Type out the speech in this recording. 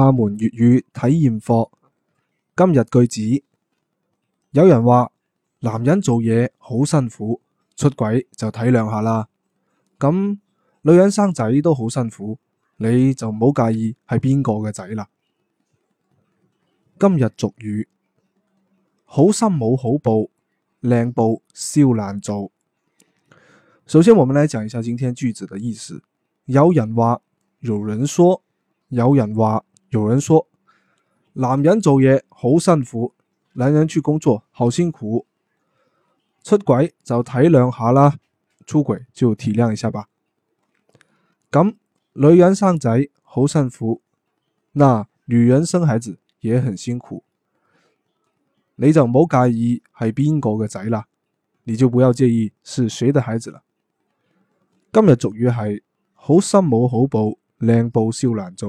阿門粵語體驗課。今日句子，有人話男人做嘢好辛苦，出軌就體諒下啦。咁、嗯、女人生仔都好辛苦，你就唔好介意係邊個嘅仔啦。今日俗語，好心冇好報，靚布燒爛灶。首先，我們來講一下今天句子的意思。有人話，有人說，有人話。有人說男人做嘢好辛苦，男人去工作好辛苦，出軌就體諒下啦，出軌就體諒一下吧。咁女人生仔好辛苦，嗱，女人生孩子也很辛苦，你就唔好介意係邊個嘅仔啦，你就不要介意是誰的孩子啦。今日俗語係好心冇好報，靚布燒爛灶。